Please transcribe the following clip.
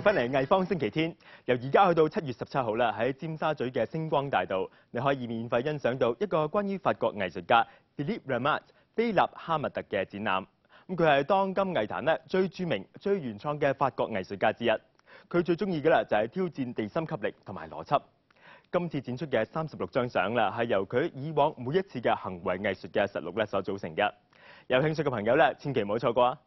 翻嚟《藝方星期天》，由而家去到七月十七號啦，喺尖沙咀嘅星光大道，你可以免費欣賞到一個關於法國藝術家 Philippe Ramette 菲臘哈密特嘅展覽。咁佢係當今藝壇咧最著名、最原創嘅法國藝術家之一。佢最中意嘅咧就係挑戰地心吸力同埋邏輯。今次展出嘅三十六張相啦，係由佢以往每一次嘅行為藝術嘅實錄咧所組成嘅。有興趣嘅朋友咧，千祈唔好錯過啊！